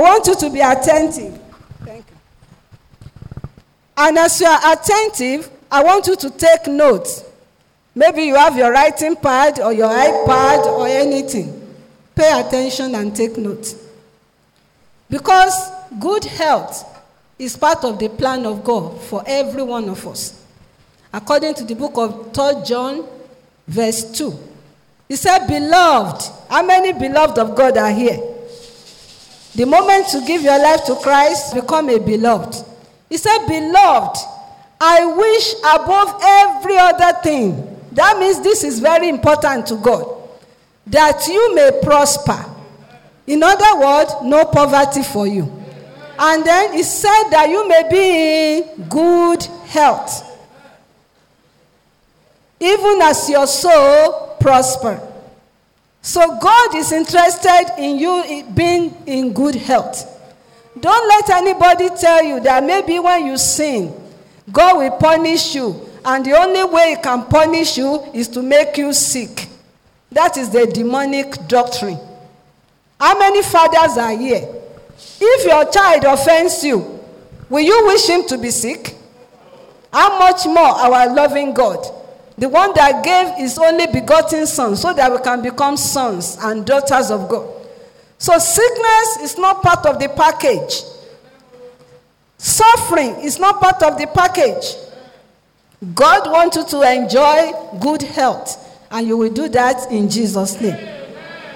I want you to be attentive. Thank you. And as you are attentive, I want you to take notes. Maybe you have your writing pad or your iPad or anything. Pay attention and take notes. Because good health is part of the plan of God for every one of us. According to the book of 3 John, verse 2, he said, Beloved, how many beloved of God are here? The moment you give your life to Christ, become a beloved. He said, Beloved, I wish above every other thing. That means this is very important to God. That you may prosper. In other words, no poverty for you. And then he said that you may be in good health, even as your soul prosper. So God is interested in you being in good health. Don't let anybody tell you that maybe when you sin, God will punish you. And the only way He can punish you is to make you sick. That is the demonic doctrine. How many fathers are here? If your child offends you, will you wish him to be sick? How much more our loving God? The one that gave his only begotten son so that we can become sons and daughters of God. So sickness is not part of the package. Suffering is not part of the package. God wants you to enjoy good health, and you will do that in Jesus' name.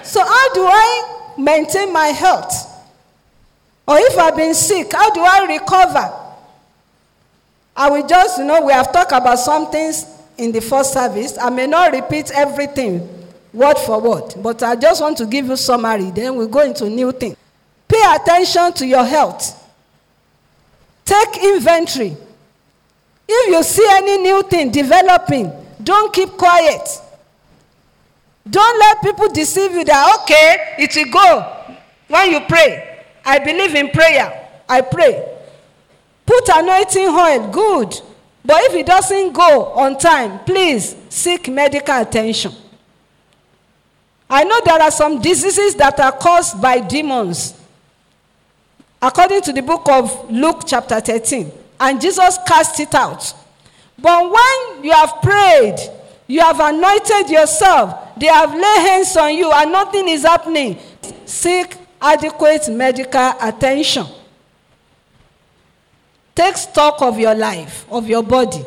So, how do I maintain my health? Or if I've been sick, how do I recover? I will just, you know, we have talked about some things in the first service. I may not repeat everything word for word, but I just want to give you summary. Then we we'll go into new thing. Pay attention to your health. Take inventory. If you see any new thing developing, don't keep quiet. Don't let people deceive you that, okay, it will go when you pray. I believe in prayer. I pray. Put anointing oil, good. But if it doesn't go on time, please seek medical attention. I know there are some diseases that are caused by demons. According to the book of Luke, chapter thirteen, and Jesus cast it out. But when you have prayed, you have anointed yourself, they have laid hands on you, and nothing is happening, seek adequate medical attention. Take stock of your life, of your body.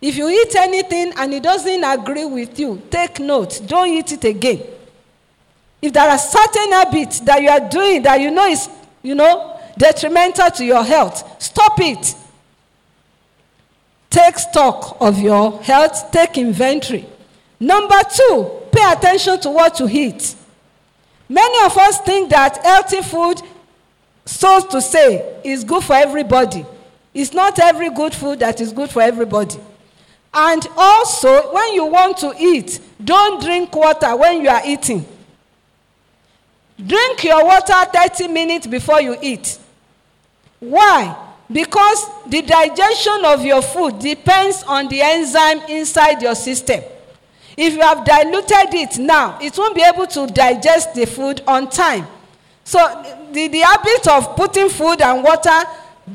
If you eat anything and it doesn't agree with you, take note. Don't eat it again. If there are certain habits that you are doing that you know is, you know, detrimental to your health, stop it. Take stock of your health, take inventory. Number two, pay attention to what you eat. Many of us think that healthy food, so to say, is good for everybody. It's not every good food that is good for everybody. And also, when you want to eat, don't drink water when you are eating. Drink your water 30 minutes before you eat. Why? Because the digestion of your food depends on the enzyme inside your system. If you have diluted it now, it won't be able to digest the food on time. So, the, the habit of putting food and water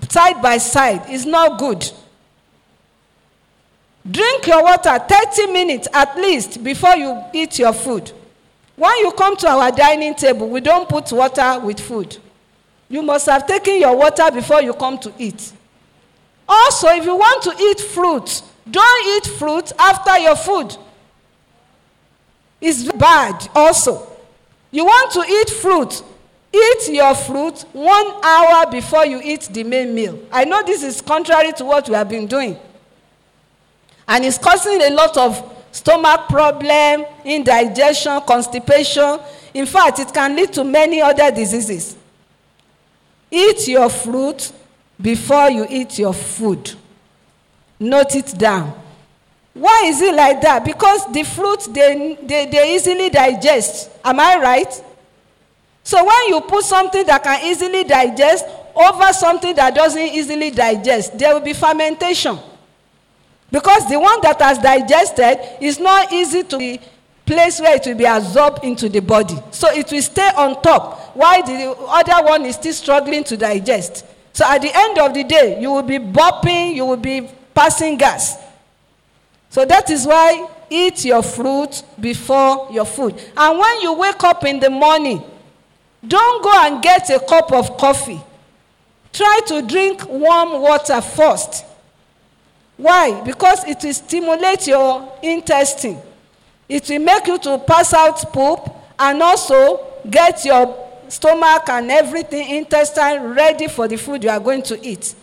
side by side is not good. Drink your water 30 minutes at least before you eat your food. When you come to our dining table, we don't put water with food. You must have taken your water before you come to eat. Also, if you want to eat fruit, don't eat fruit after your food. It's bad also. You want to eat fruit, eat your fruit one hour before you eat the main meal. I know this is contrary to what we have been doing. And it's causing a lot of stomach problem, indigestion, constipation. In fact, it can lead to many other diseases. Eat your fruit before you eat your food. Note it down. Why is it like that? Because the fruit they, they, they easily digest. Am I right? So when you put something that can easily digest over something that doesn't easily digest, there will be fermentation. Because the one that has digested is not easy to be place where it will be absorbed into the body. So it will stay on top while the other one is still struggling to digest. So at the end of the day, you will be burping, you will be passing gas. So that is why eat your fruit before your food. And when you wake up in the morning, Don't go and get a cup of coffee. Try to drink warm water first. Why? Because it will stimulate your intestine. It will make you to pass out poop and also get your stomach and everything intestine ready for the food you are going to eat.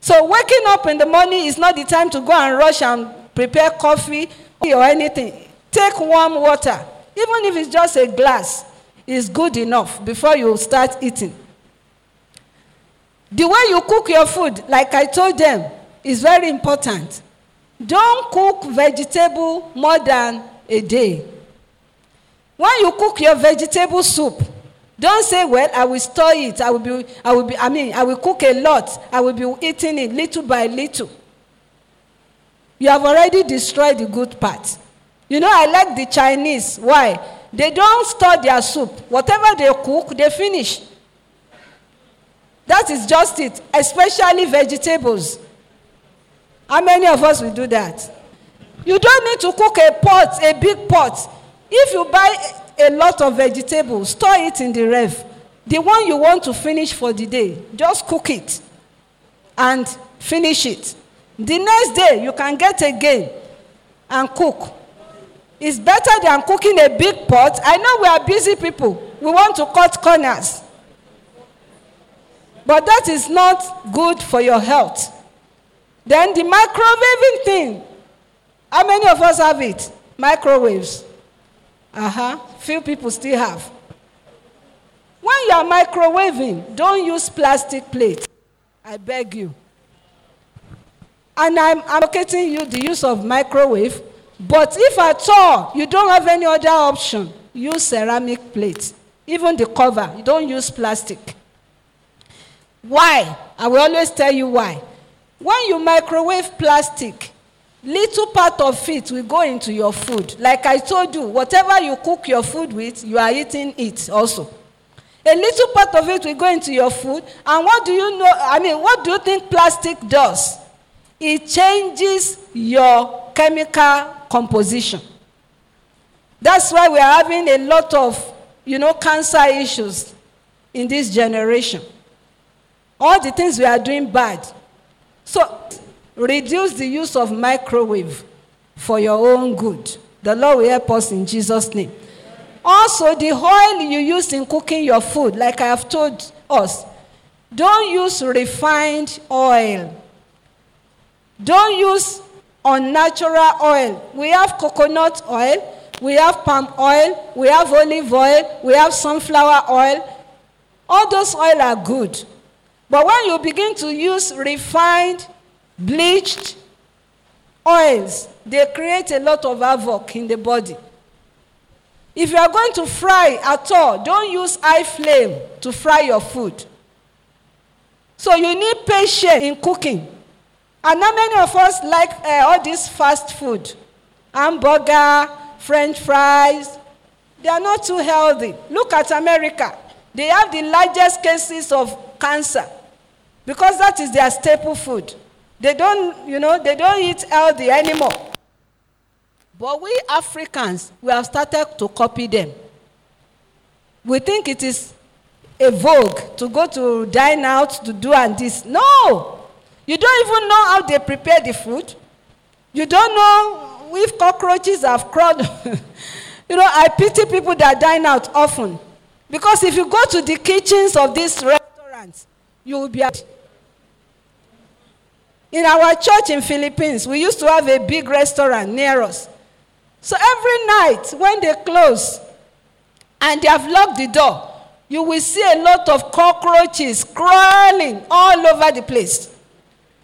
So waking up in the morning is not the time to go and rush and prepare coffee or anything. Take warm water, even if it's just a glass is good enough before you start eating. The way you cook your food, like I told them, is very important. Don't cook vegetable more than a day. When you cook your vegetable soup, don't say, "Well, I will store it. I will be. I will be. I mean, I will cook a lot. I will be eating it little by little." You have already destroyed the good part. You know, I like the Chinese. Why? They don't store their soup. Whatever they cook, they finish. That is just it, especially vegetables. How many of us will do that? You don't need to cook a pot, a big pot. If you buy a lot of vegetables, store it in the ref. The one you want to finish for the day, just cook it and finish it. The next day, you can get again and cook is better than cooking a big pot. I know we are busy people. We want to cut corners. But that is not good for your health. Then the microwaving thing. How many of us have it? Microwaves. Uh huh. Few people still have. When you are microwaving, don't use plastic plates. I beg you. And I'm advocating you the use of microwave But if at all you don't have any other option, use ceramic plates. Even the cover, you don't use plastic. Why? I will always tell you why. When you microwave plastic, little part of it will go into your food. Like I told you, whatever you cook your food with, you are eating it also. A little part of it will go into your food. And what do you know? I mean, what do you think plastic does? It changes your chemical composition. That's why we are having a lot of, you know, cancer issues in this generation. All the things we are doing bad. So reduce the use of microwave for your own good. The Lord will help us in Jesus' name. Also, the oil you use in cooking your food, like I have told us, don't use refined oil. Don't use on natural oil. We have coconut oil, we have palm oil, we have olive oil, we have sunflower oil. All those oil are good. But when you begin to use refined, bleached oils, they create a lot of havoc in the body. If you are going to fry at all, don't use high flame to fry your food. So you need patience in cooking. And now many of us like uh, all this fast food hamburger, french fries. They are not too healthy. Look at America. They have the largest cases of cancer because that is their staple food. They don't, you know, they don't eat healthy anymore. But we Africans, we have started to copy them. We think it is a vogue to go to dine out, to do and this. No! You don't even know how they prepare the food. You don't know if cockroaches have crawled. you know, I pity people that dine out often. Because if you go to the kitchens of these restaurants, you will be In our church in Philippines, we used to have a big restaurant near us. So every night when they close and they have locked the door, you will see a lot of cockroaches crawling all over the place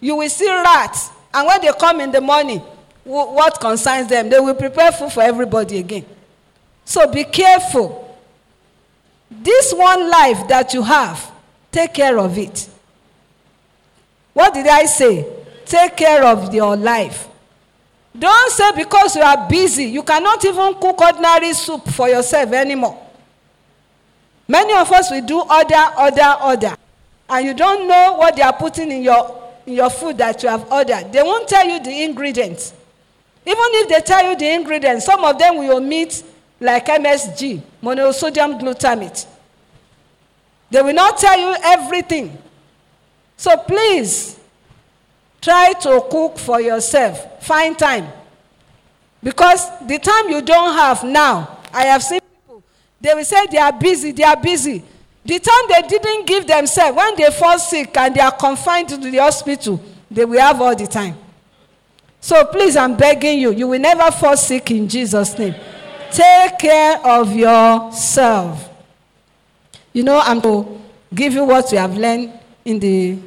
you will see rats and when they come in the morning what concerns them they will prepare food for everybody again so be careful this one life that you have take care of it what did i say take care of your life don't say because you are busy you cannot even cook ordinary soup for yourself anymore many of us will do order order order and you don't know what they are putting in your your food that you have ordered, they won't tell you the ingredients. Even if they tell you the ingredients, some of them will omit, like MSG, monosodium glutamate. They will not tell you everything. So please try to cook for yourself. Find time. Because the time you don't have now, I have seen people, they will say they are busy, they are busy. The time they didn't give themselves, when they fall sick and they are confined to the hospital, they will have all the time. So please, I'm begging you, you will never fall sick in Jesus' name. Take care of yourself. You know, I'm to give you what we have learned in the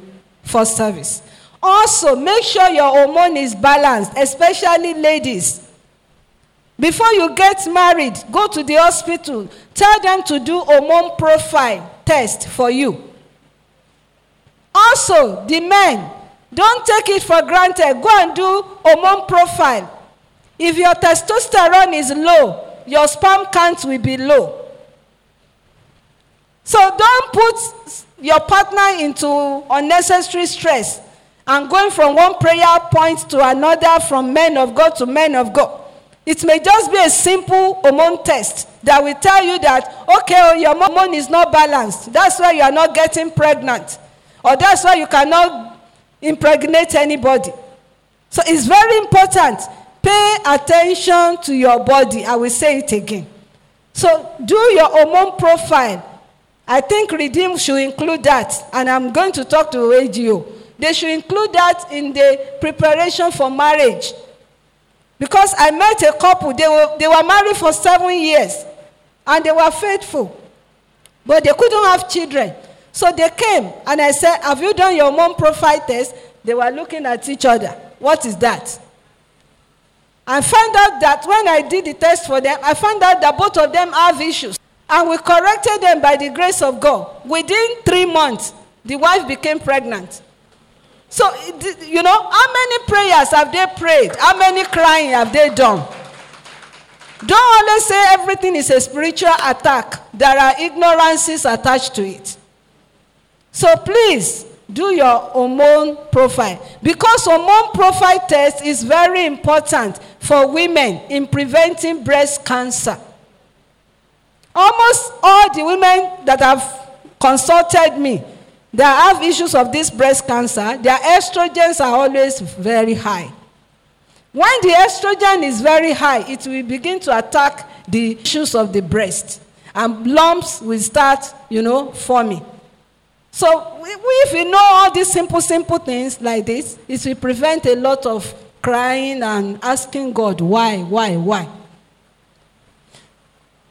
first service. Also, make sure your hormone is balanced, especially ladies. Before you get married, go to the hospital. Tell them to do hormone profile test for you. Also, the men, don't take it for granted. Go and do hormone profile. If your testosterone is low, your sperm count will be low. So don't put your partner into unnecessary stress and going from one prayer point to another, from men of God to men of God. It may just be a simple hormone test that will tell you that, okay, oh, your hormone is not balanced. That's why you are not getting pregnant. Or that's why you cannot impregnate anybody. So it's very important. Pay attention to your body. I will say it again. So do your hormone profile. I think Redeem should include that. And I'm going to talk to AGO. They should include that in the preparation for marriage. Because I met a couple, they were, they were married for seven years and they were faithful, but they couldn't have children. So they came and I said, Have you done your mom profile test? They were looking at each other. What is that? I found out that when I did the test for them, I found out that both of them have issues. And we corrected them by the grace of God. Within three months, the wife became pregnant. So, you know, how many prayers have they prayed? How many crying have they done? Don't always say everything is a spiritual attack, there are ignorances attached to it. So, please do your hormone profile because hormone profile test is very important for women in preventing breast cancer. Almost all the women that have consulted me They have issues of this breast cancer. Their estrogens are always very high. When the estrogen is very high, it will begin to attack the issues of the breast, and lumps will start, you know, forming. So, if we know all these simple, simple things like this, it will prevent a lot of crying and asking God, why, why, why?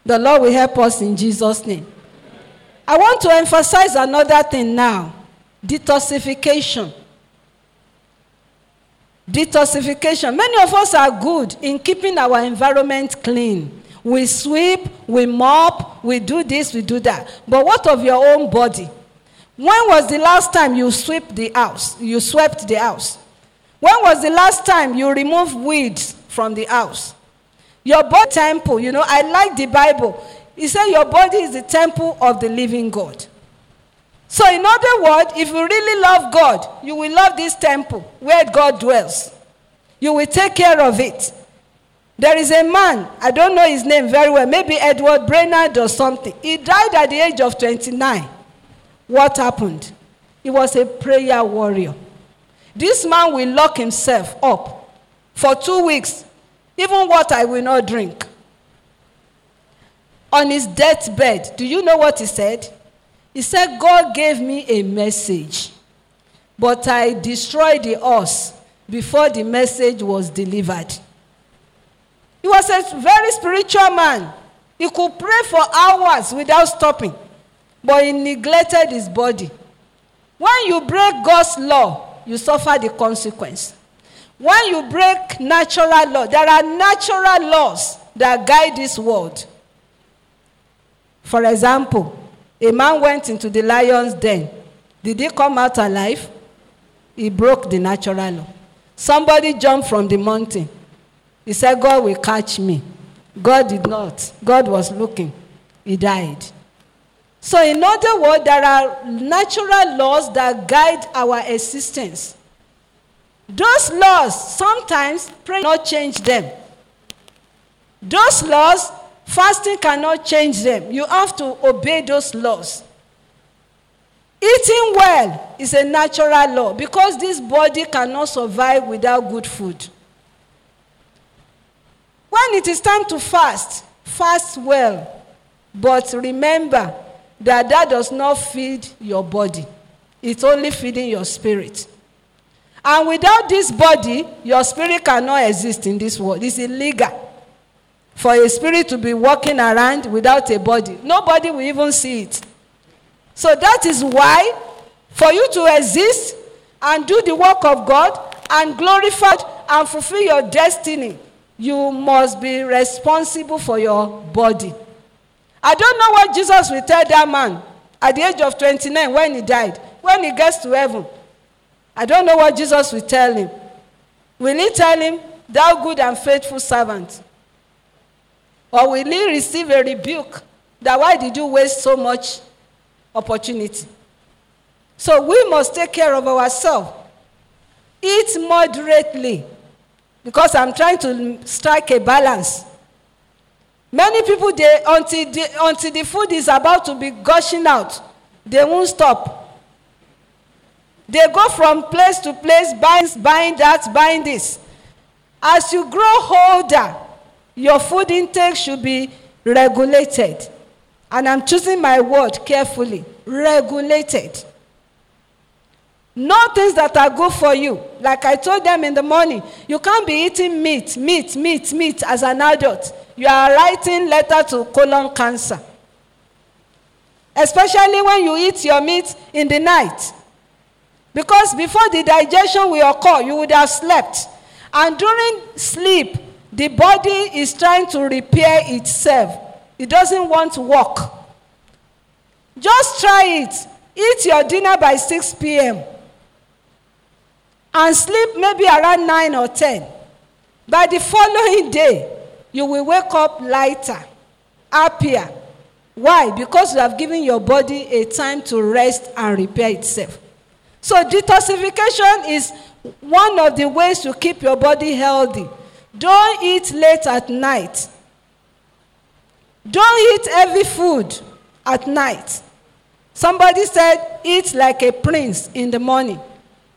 The Lord will help us in Jesus' name. I want to emphasize another thing now detoxification. Detoxification. Many of us are good in keeping our environment clean. We sweep, we mop, we do this, we do that. But what of your own body? When was the last time you swept the house? You swept the house. When was the last time you removed weeds from the house? Your body temple, you know, I like the Bible. He said, Your body is the temple of the living God. So, in other words, if you really love God, you will love this temple where God dwells. You will take care of it. There is a man, I don't know his name very well, maybe Edward Brainerd or something. He died at the age of 29. What happened? He was a prayer warrior. This man will lock himself up for two weeks, even water I will not drink. on his deathbed, do you know what he said? He said, God gave me a message, but I destroyed the horse before the message was delivered. He was a very spiritual man. He could pray for hours without stopping, but he neglected his body. When you break God's law, you suffer the consequence. When you break natural law, there are natural laws that guide this world. For example, a man went into the lion's den. Did he come out alive? He broke the natural law. Somebody jumped from the mountain. He said, God will catch me. God did not. God was looking. He died. So, in other words, there are natural laws that guide our existence. Those laws, sometimes pray not change them. Those laws, Fasting cannot change them. You have to obey those laws. Eating well is a natural law because this body cannot survive without good food. When it is time to fast, fast well. But remember that that does not feed your body, it's only feeding your spirit. And without this body, your spirit cannot exist in this world. It's illegal for a spirit to be walking around without a body. Nobody will even see it. So that is why, for you to exist and do the work of God and glorify and fulfill your destiny, you must be responsible for your body. I don't know what Jesus will tell that man at the age of 29 when he died, when he gets to heaven. I don't know what Jesus will tell him. Will he tell him, Thou good and faithful servant? Or will he receive a rebuke that why did you waste so much opportunity? So we must take care of ourselves. Eat moderately because I'm trying to strike a balance. Many people, they, until, the, until the food is about to be gushing out, they won't stop. They go from place to place, buying, buying that, buying this. As you grow older, Your food intake should be regulated. And I'm choosing my word carefully regulated. No things that are good for you. Like I told them in the morning, you can't be eating meat, meat, meat, meat as an adult. You are writing letter to colon cancer. Especially when you eat your meat in the night. Because before the digestion will occur, you would have slept. And during sleep, The body is trying to repair itself, it doesn't want to work. Just try it. Eat your dinner by 6 p.m. and sleep maybe around 9 or 10. By the following day, you will wake up lighter, happier. Why? Because you have given your body a time to rest and repair itself. So, detoxification is one of the ways to keep your body healthy Don't eat late at night. Don't eat heavy food at night. Somebody said, Eat like a prince in the morning,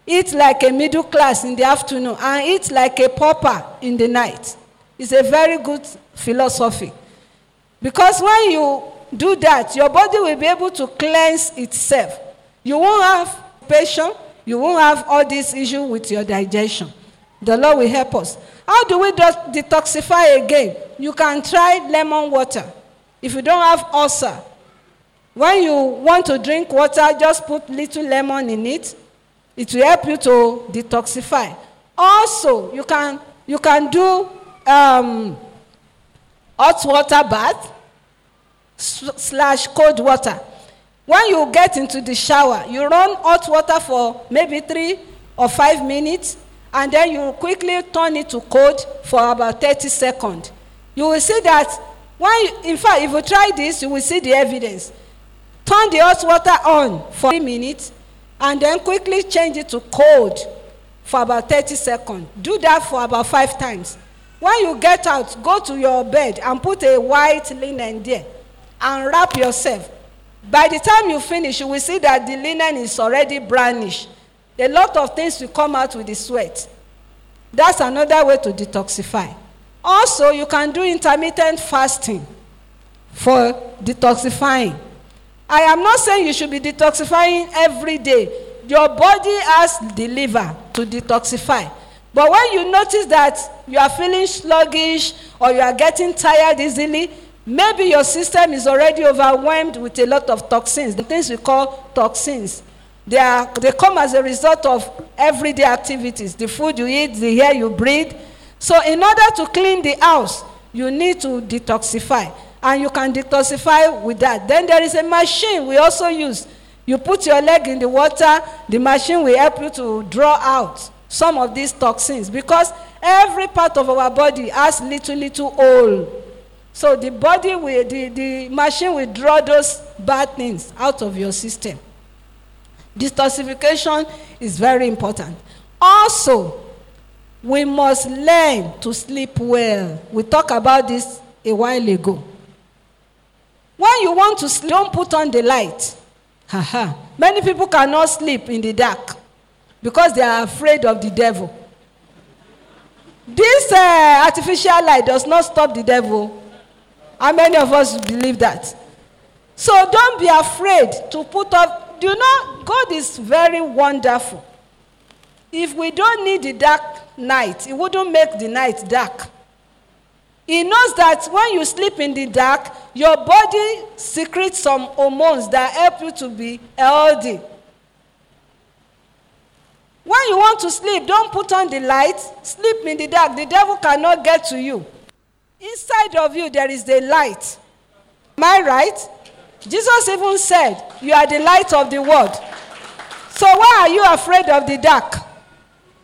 eat like a middle class in the afternoon, and eat like a pauper in the night. It's a very good philosophy. Because when you do that, your body will be able to cleanse itself. You won't have patience, you won't have all this issue with your digestion. The Lord will help us. How do we detoxify again? You can try lemon water. If you don't have ulcer, when you want to drink water, just put little lemon in it. It will help you to detoxify. Also, you can you can do um, hot water bath slash cold water. When you get into the shower, you run hot water for maybe three or five minutes and then you quickly turn it to cold for about 30 seconds. You will see that, when, in fact, if you try this, you will see the evidence. Turn the hot water on for 3 minutes and then quickly change it to cold for about 30 seconds. Do that for about five times. When you get out, go to your bed and put a white linen there and wrap yourself. By the time you finish, you will see that the linen is already brownish a lot of things will come out with the sweat that's another way to detoxify also you can do intermittent fasting for detoxifying i am not saying you should be detoxifying every day your body has the liver to detoxify but when you notice that you are feeling sluggish or you are getting tired easily maybe your system is already overwhelmed with a lot of toxins the things we call toxins They, are, they come as a result of everyday activities the food you eat, the air you breathe. So, in order to clean the house, you need to detoxify. And you can detoxify with that. Then there is a machine we also use. You put your leg in the water, the machine will help you to draw out some of these toxins because every part of our body has little, little hole. So the body will, the, the machine will draw those bad things out of your system. Detoxification is very important. Also, we must learn to sleep well. We talked about this a while ago. When you want to sleep, don't put on the light. Haha. Many people cannot sleep in the dark because they are afraid of the devil. This uh, artificial light does not stop the devil. How many of us believe that? So don't be afraid to put up do you know God is very wonderful. If we don't need the dark night, it wouldn't make the night dark. He knows that when you sleep in the dark, your body secretes some hormones that help you to be healthy. When you want to sleep, don't put on the light. Sleep in the dark. The devil cannot get to you. Inside of you, there is the light. Am I right? Jesus even said, You are the light of the world. So why are you afraid of the dark?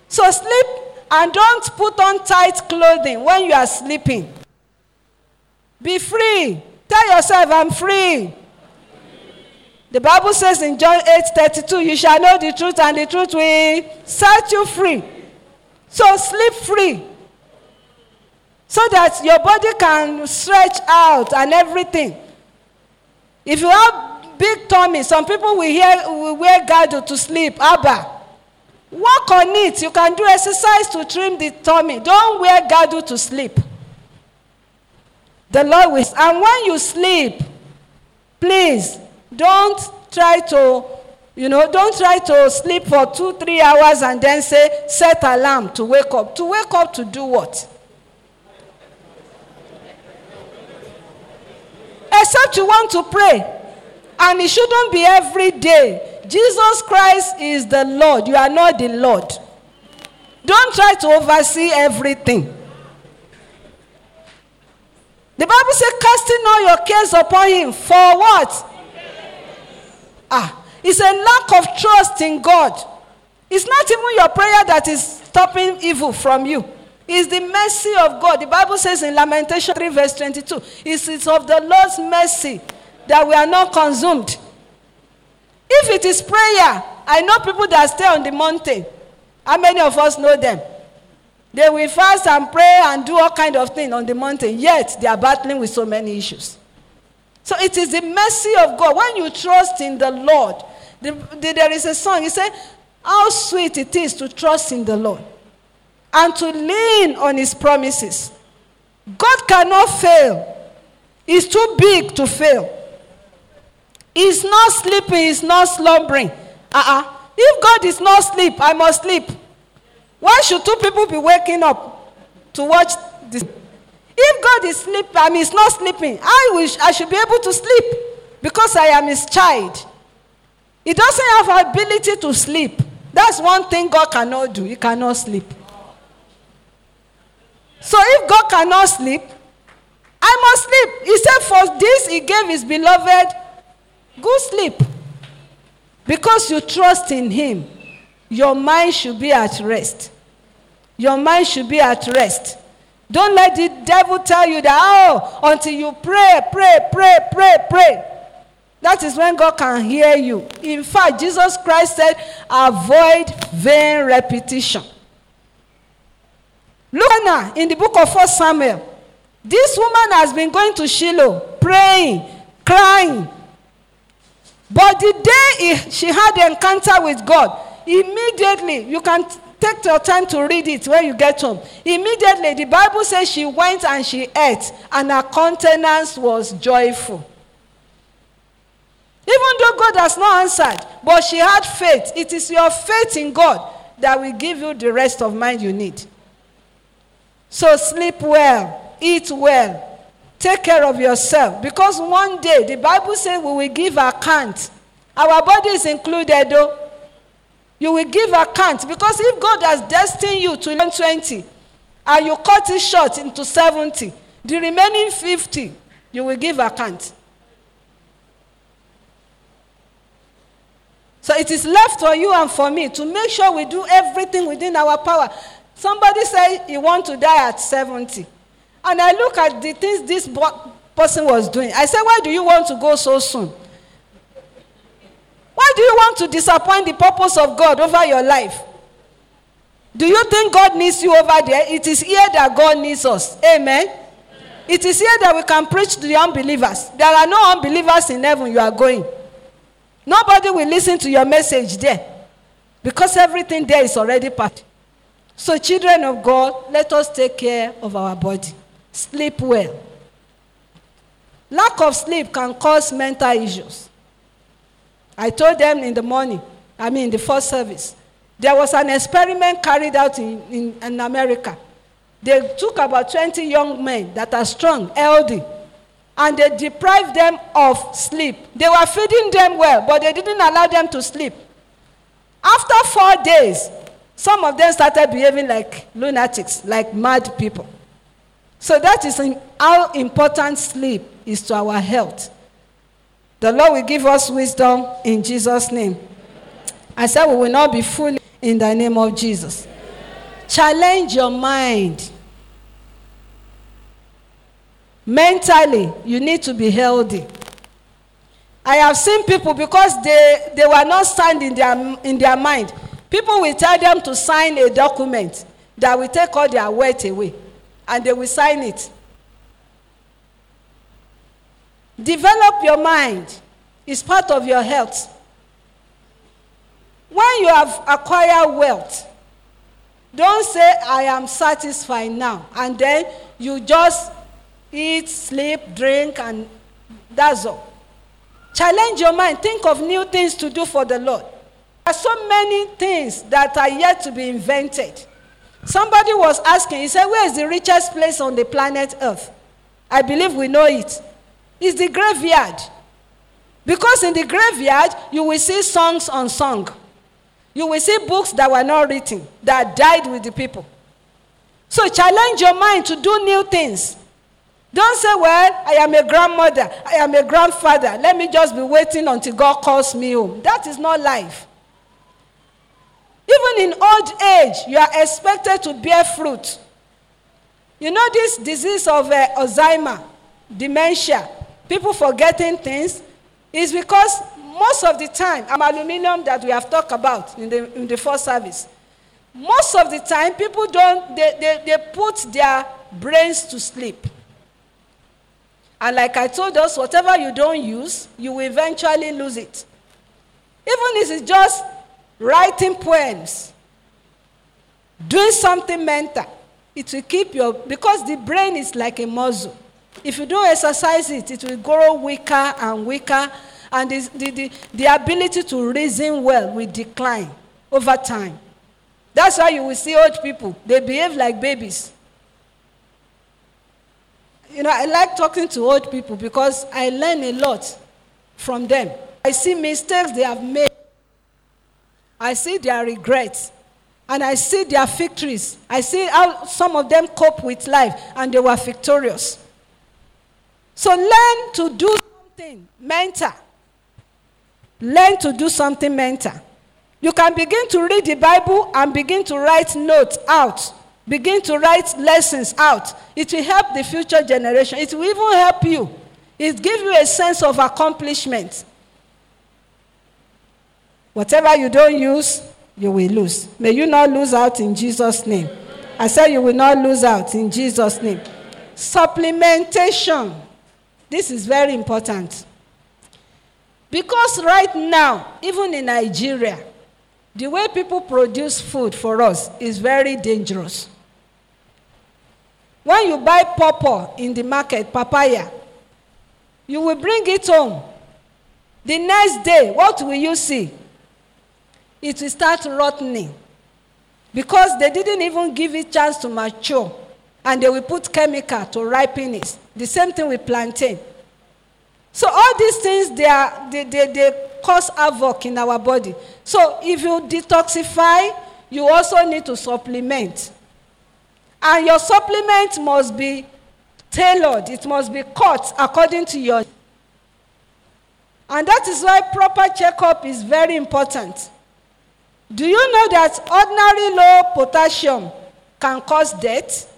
So sleep and don't put on tight clothing when you are sleeping. Be free. Tell yourself, I'm free. The Bible says in John 8 32, you shall know the truth, and the truth will set you free. So sleep free. So that your body can stretch out and everything. If you have big tummy, some people will, hear, will wear girdle to sleep. Abba. Work on it. You can do exercise to trim the tummy. Don't wear girdle to sleep. The Lord will. And when you sleep, please don't try to, you know, don't try to sleep for two, three hours and then say, set alarm to wake up. To wake up to do what? except you want to pray. And it shouldn't be every day. Jesus Christ is the Lord. You are not the Lord. Don't try to oversee everything. The Bible says, casting all your cares upon Him. For what? Ah, it's a lack of trust in God. It's not even your prayer that is stopping evil from you is the mercy of God. The Bible says in Lamentation 3, verse 22, it is of the Lord's mercy that we are not consumed. If it is prayer, I know people that stay on the mountain. How many of us know them? They will fast and pray and do all kind of things on the mountain, yet they are battling with so many issues. So it is the mercy of God. When you trust in the Lord, the, the, there is a song, he said, How sweet it is to trust in the Lord. and to lean on his promises. God cannot fail, he's too big to fail. He's not sleeping, he's not slumbering. Uh-uh. If God is not asleep, I must sleep. Why should two people be waking up to watch this? If God is sleep, I mean, he's not sleeping, I wish I should be able to sleep because I am his child. He doesn't have ability to sleep. That's one thing God cannot do. He cannot sleep. So if God cannot sleep, I must sleep. He said, For this he gave his beloved good sleep. Because you trust in him, your mind should be at rest. Your mind should be at rest. Don't let the devil tell you that, oh, until you pray, pray, pray, pray, pray. That is when God can hear you. In fact, Jesus Christ said, avoid vain repetition. Look now in the book of 1 Samuel, this woman has been going to Shiloh, praying, crying. But the day he, she had the encounter with God, immediately, you can take your time to read it when you get home. Immediately, the Bible says she went and she ate, and her countenance was joyful. Even though God has not answered, but she had faith. It is your faith in God that will give you the rest of mind you need. So sleep well, eat well, take care of yourself. Because one day, the Bible says we will give account. Our body is included, though. You will give account. Because if God has destined you to 120 and you cut it short into 70, the remaining 50, you will give account. So it is left for you and for me to make sure we do everything within our power. Somebody said he want to die at seventy, And I look at the things this person was doing. I said, Why do you want to go so soon? Why do you want to disappoint the purpose of God over your life? Do you think God needs you over there? It is here that God needs us. Amen. It is here that we can preach to the unbelievers. There are no unbelievers in heaven you are going. Nobody will listen to your message there because everything there is already packed. So, children of God, let us take care of our body. Sleep well. Lack of sleep can cause mental issues. I told them in the morning, I mean, the first service, there was an experiment carried out in, in, in America. They took about 20 young men that are strong, healthy, and they deprived them of sleep. They were feeding them well, but they didn't allow them to sleep. After four days, Some of them started behaving like lunatics, like mad people. So that is how important sleep is to our health. The Lord will give us wisdom in Jesus' name. I said we will not be foolish in the name of Jesus. Challenge your mind. Mentally, you need to be healthy. I have seen people because they, they were not sound in their, in their mind. People will tell them to sign a document that will take all their wealth away, and they will sign it. Develop your mind, it's part of your health. When you have acquired wealth, don't say, I am satisfied now, and then you just eat, sleep, drink, and that's all. Challenge your mind, think of new things to do for the Lord are so many things that are yet to be invented. Somebody was asking, he said, Where is the richest place on the planet Earth? I believe we know it. It's the graveyard. Because in the graveyard, you will see songs unsung. You will see books that were not written, that died with the people. So challenge your mind to do new things. Don't say, Well, I am a grandmother, I am a grandfather, let me just be waiting until God calls me home. That is not life. Even in old age, you are expected to bear fruit. You know this disease of uh, Alzheimer, dementia, people forgetting things, is because most of the time, I'm aluminum that we have talked about in the, in the first service. Most of the time, people don't, they, they, they put their brains to sleep. And like I told us, whatever you don't use, you will eventually lose it. Even if it's just writing poems, doing something mental. It will keep your, because the brain is like a muscle. If you don't exercise it, it will grow weaker and weaker, and the, the, the, the ability to reason well will decline over time. That's why you will see old people, they behave like babies. You know, I like talking to old people because I learn a lot from them. I see mistakes they have made. I see their regrets. And I see their victories. I see how some of them cope with life and they were victorious. So learn to do something mentor. Learn to do something mentor. You can begin to read the Bible and begin to write notes out. Begin to write lessons out. It will help the future generation. It will even help you. It gives you a sense of accomplishment. Whatever you don't use, you will lose. May you not lose out in Jesus' name. I said you will not lose out in Jesus' name. Supplementation. This is very important. Because right now, even in Nigeria, the way people produce food for us is very dangerous. When you buy pawpaw in the market, papaya, you will bring it home. The next day, what will you see? it will start rotting because they didn't even give it chance to mature and they will put chemical to ripen it the same thing with plantain so all these things they are they they they cause havoc in our body so if you detoxify you also need to supplement and your supplement must be tailored it must be cut according to your and that is why proper checkup is very important Do you know that ordinary low potassium can cause death?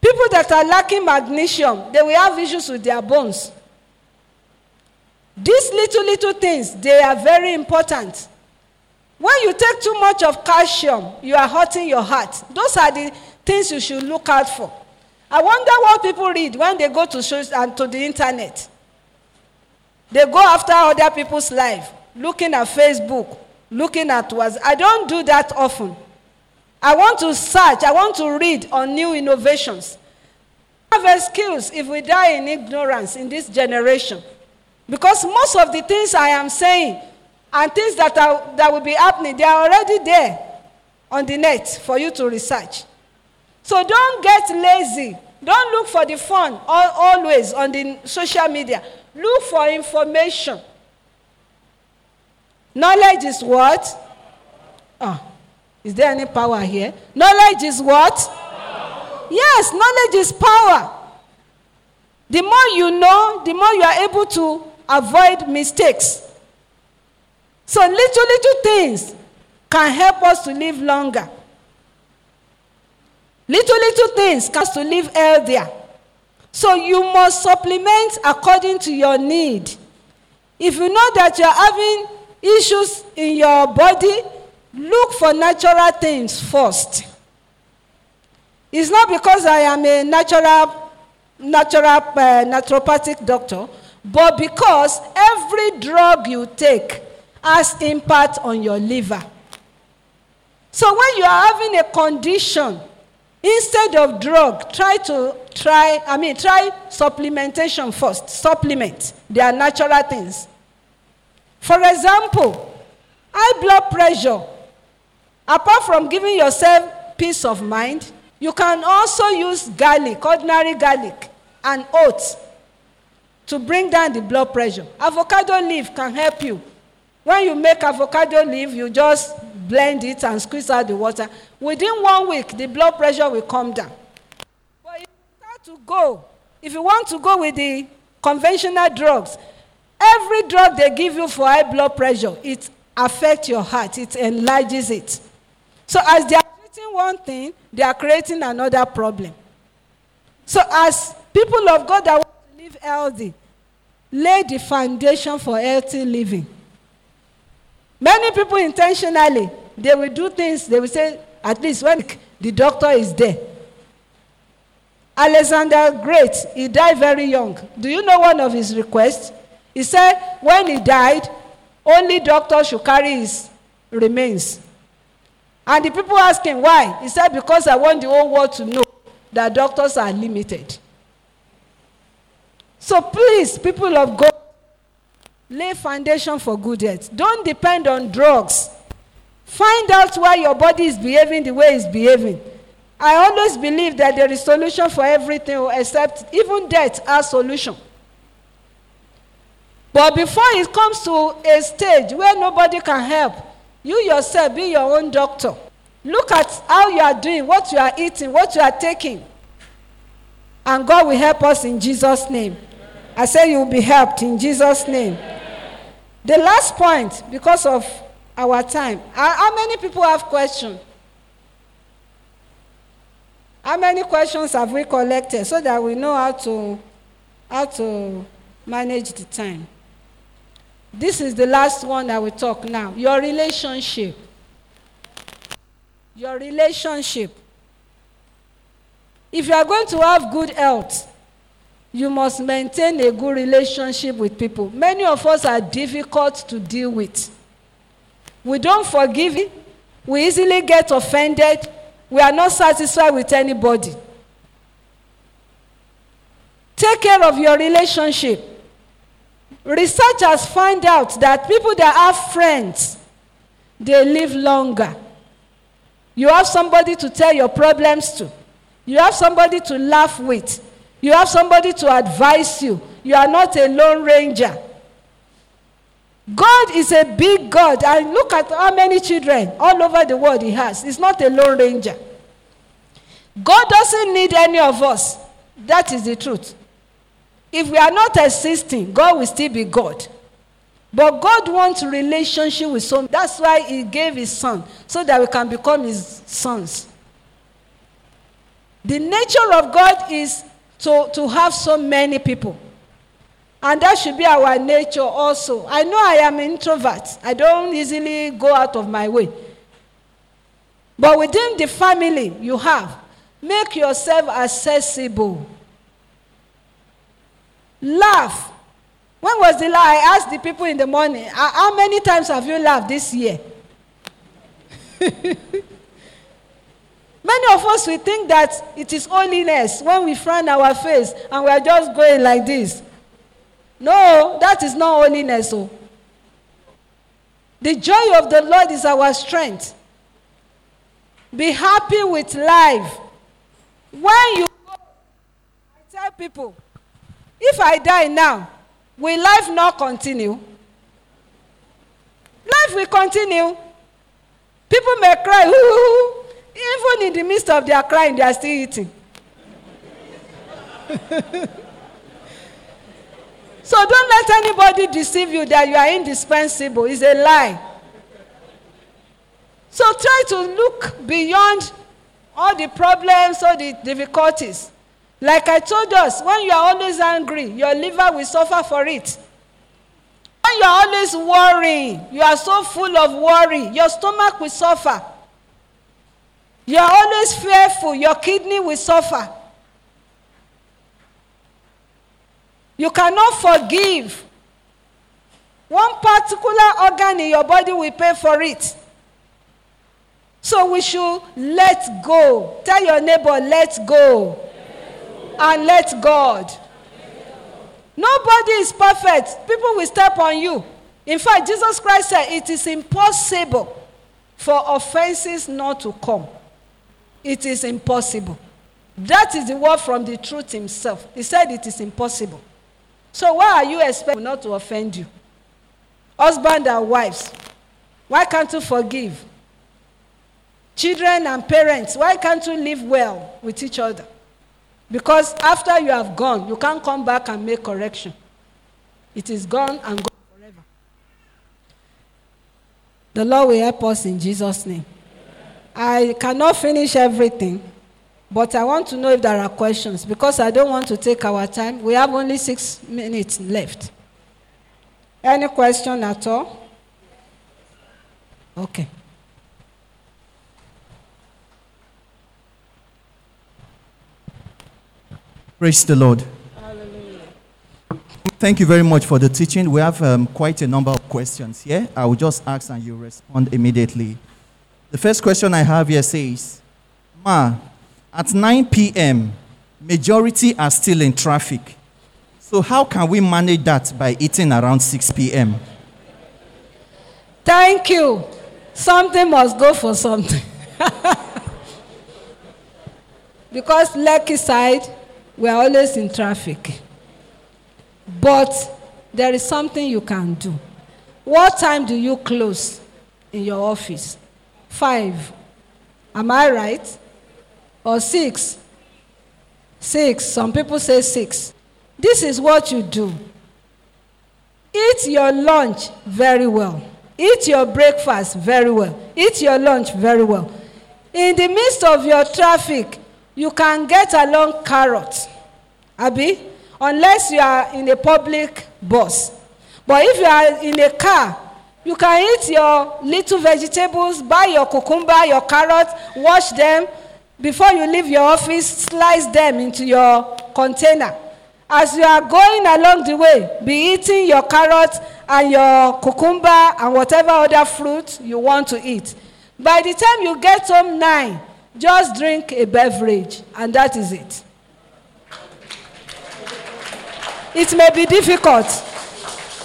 People that are lacking magnesium, they will have issues with their bones. These little, little things, they are very important. When you take too much of calcium, you are hurting your heart. Those are the things you should look out for. I wonder what people read when they go to shows and to the internet. They go after other people's life looking at Facebook, looking at was. I don't do that often. I want to search, I want to read on new innovations. We have skills if we die in ignorance in this generation. Because most of the things I am saying and things that, are, that will be happening, they are already there on the net for you to research. So don't get lazy. Don't look for the fun all, always on the social media. Look for information. Knowledge is what? Ah, oh, is there any power here? Knowledge is what? Yes, knowledge is power. The more you know, the more you are able to avoid mistakes. So, little, little things can help us to live longer. Little, little things can to live healthier. So, you must supplement according to your need. If you know that you are having issues in your body, look for natural things first. It's not because I am a natural, natural uh, naturopathic doctor, but because every drug you take has impact on your liver. So when you are having a condition, instead of drug, try to try, I mean, try supplementation first. Supplement. They are natural things. For example, high blood pressure, apart from giving yourself peace of mind, you can also use garlic, ordinary garlic, and oats to bring down the blood pressure. Avocado leaf can help you. When you make avocado leaf, you just blend it and squeeze out the water. Within one week, the blood pressure will come down. But if you start to go, if you want to go with the conventional drugs, Every drug they give you for high blood pressure, it affects your heart, it enlarges it. So as they are creating one thing, they are creating another problem. So as people of God that want to live healthy, lay the foundation for healthy living. Many people intentionally, they will do things, they will say, at least when the doctor is there. Alexander Great, he died very young. Do you know one of his requests? He said, when he died, only doctor should carry his remains. And the people asked him why. He said, because I want the whole world to know that doctors are limited. So please, people of God, lay foundation for good health. Don't depend on drugs. Find out why your body is behaving the way it's behaving. I always believe that there is solution for everything except even death has solution. But before it comes to a stage where nobody can help, you yourself be your own doctor. Look at how you are doing, what you are eating, what you are taking. And God will help us in Jesus' name. I say you will be helped in Jesus' name. The last point, because of our time, how many people have questions? How many questions have we collected so that we know how to how to manage the time? This is the last one I will talk now. Your relationship. Your relationship. If you are going to have good health, you must maintain a good relationship with people. Many of us are difficult to deal with. We don't forgive, it. we easily get offended, we are not satisfied with anybody. Take care of your relationship researchers find out that people that have friends they live longer you have somebody to tell your problems to you have somebody to laugh with you have somebody to advise you you are not a lone ranger god is a big god and look at how many children all over the world he has he's not a lone ranger god doesn't need any of us that is the truth If we are not existing, God will still be God. But God wants relationship with some. That's why He gave His Son, so that we can become His sons. The nature of God is to, to have so many people. And that should be our nature also. I know I am introvert. I don't easily go out of my way. But within the family you have, make yourself accessible. Laugh. When was the last? I asked the people in the morning, ah, how many times have you laughed this year? Many of us we think that it is holiness when we frown our face and we are just going like this. No, that is not holiness. Oh. The joy of the Lord is our strength. Be happy with life. When you go, I tell people, if i die now will life not continue life will continue people may cry hoo even in the midst of their crying they are still eating so don't let anybody deceive you that you are indispensable it's a lie so try to look beyond all the problems all the difficulties Like I told us, when you are always angry, your liver will suffer for it. When you are always worrying, you are so full of worry, your stomach will suffer. You are always fearful, your kidney will suffer. You cannot forgive. One particular organ in your body will pay for it. So we should let go. Tell your neighbor, let go and let God. Nobody is perfect. People will step on you. In fact, Jesus Christ said it is impossible for offenses not to come. It is impossible. That is the word from the truth himself. He said it is impossible. So why are you expecting not to offend you? Husband and wives, why can't you forgive? Children and parents, why can't you live well with each other? Because after you have gone, you can't come back and make correction. It is gone and gone forever. The Lord will help us in Jesus' name. I cannot finish everything, but I want to know if there are questions because I don't want to take our time. We have only six minutes left. Any question at all? Okay. Praise the Lord. Hallelujah. Thank you very much for the teaching. We have um, quite a number of questions here. I will just ask and you respond immediately. The first question I have here says, Ma, at 9 p.m., majority are still in traffic. So how can we manage that by eating around 6 p.m.? Thank you. Something must go for something. because lucky side, We are always in traffic. But there is something you can do. What time do you close in your office? Five. Am I right? Or six? Six. Some people say six. This is what you do eat your lunch very well, eat your breakfast very well, eat your lunch very well. In the midst of your traffic, you can get along carrot abi unless you are in a public bus but if you are in a car you can eat your little vegetables buy your cucumber your carrot wash them before you leave your office slice them into your container as you are going along the way be eating your carrot and your cucumber and whatever other fruit you want to eat by the time you get home nine Just drink a beverage, and that is it. It may be difficult.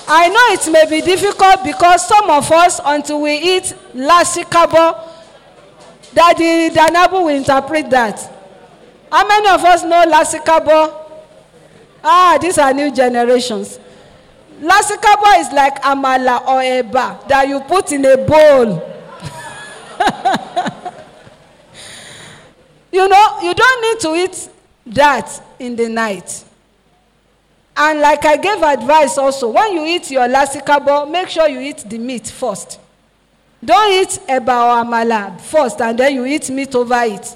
I know it may be difficult because some of us, until we eat lassi lasikabo, Daddy Danabu will interpret that. How many of us know lassi lasikabo? Ah, these are new generations. Lassi Lasikabo is like amala or eba that you put in a bowl. You know, you don't need to eat that in the night. And like I gave advice also, when you eat your lassi lasikabo, make sure you eat the meat first. Don't eat eba or amala first and then you eat meat over it.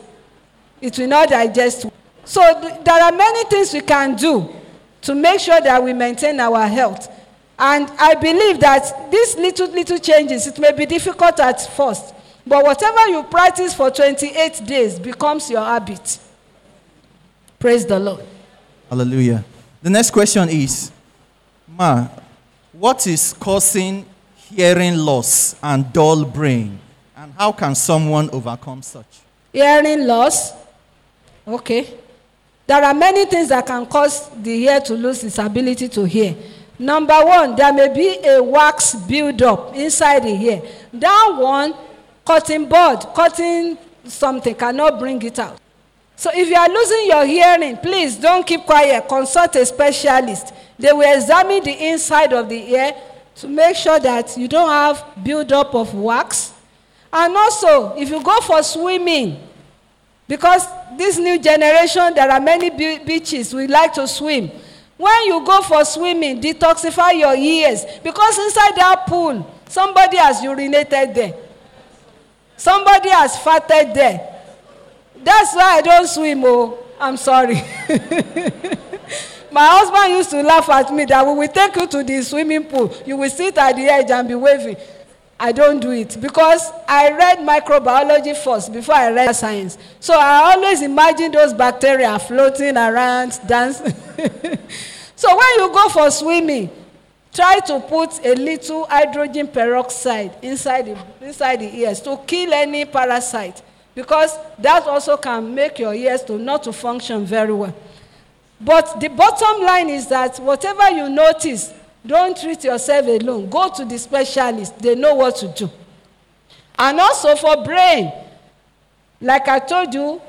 It will not digest. So th- there are many things we can do to make sure that we maintain our health. And I believe that these little, little changes, it may be difficult at first, But whatever you practice for 28 days becomes your habit. Praise the Lord. Hallelujah. The next question is Ma, what is causing hearing loss and dull brain? And how can someone overcome such? Hearing loss. Okay. There are many things that can cause the ear to lose its ability to hear. Number one, there may be a wax buildup inside the ear. That one Cutting board, cutting something cannot bring it out so if you are losing your hearing please don't keep quiet consult a specialist they will examine the inside of the ear to make sure that you don't have build-up of wax and also if you go for swimming because this new generation there are many beaches we like to swim when you go for swimming detoxify your ears because inside that pool somebody has urinated there Somebody has farted there. That's why I don't swim, oh. I'm sorry. My husband used to laugh at me that we will take you to the swimming pool. You will sit at the edge and be waving. I don't do it because I read microbiology first before I read science. So I always imagine those bacteria floating around, dancing. so when you go for swimming, try to put a little hydrogen peroxide inside the inside the ears to kill any parasite because that also can make your ears to not to function very well but the bottom line is that whatever you notice don't treat yourself alone go to the specialist they know what to do and also for brain like i told you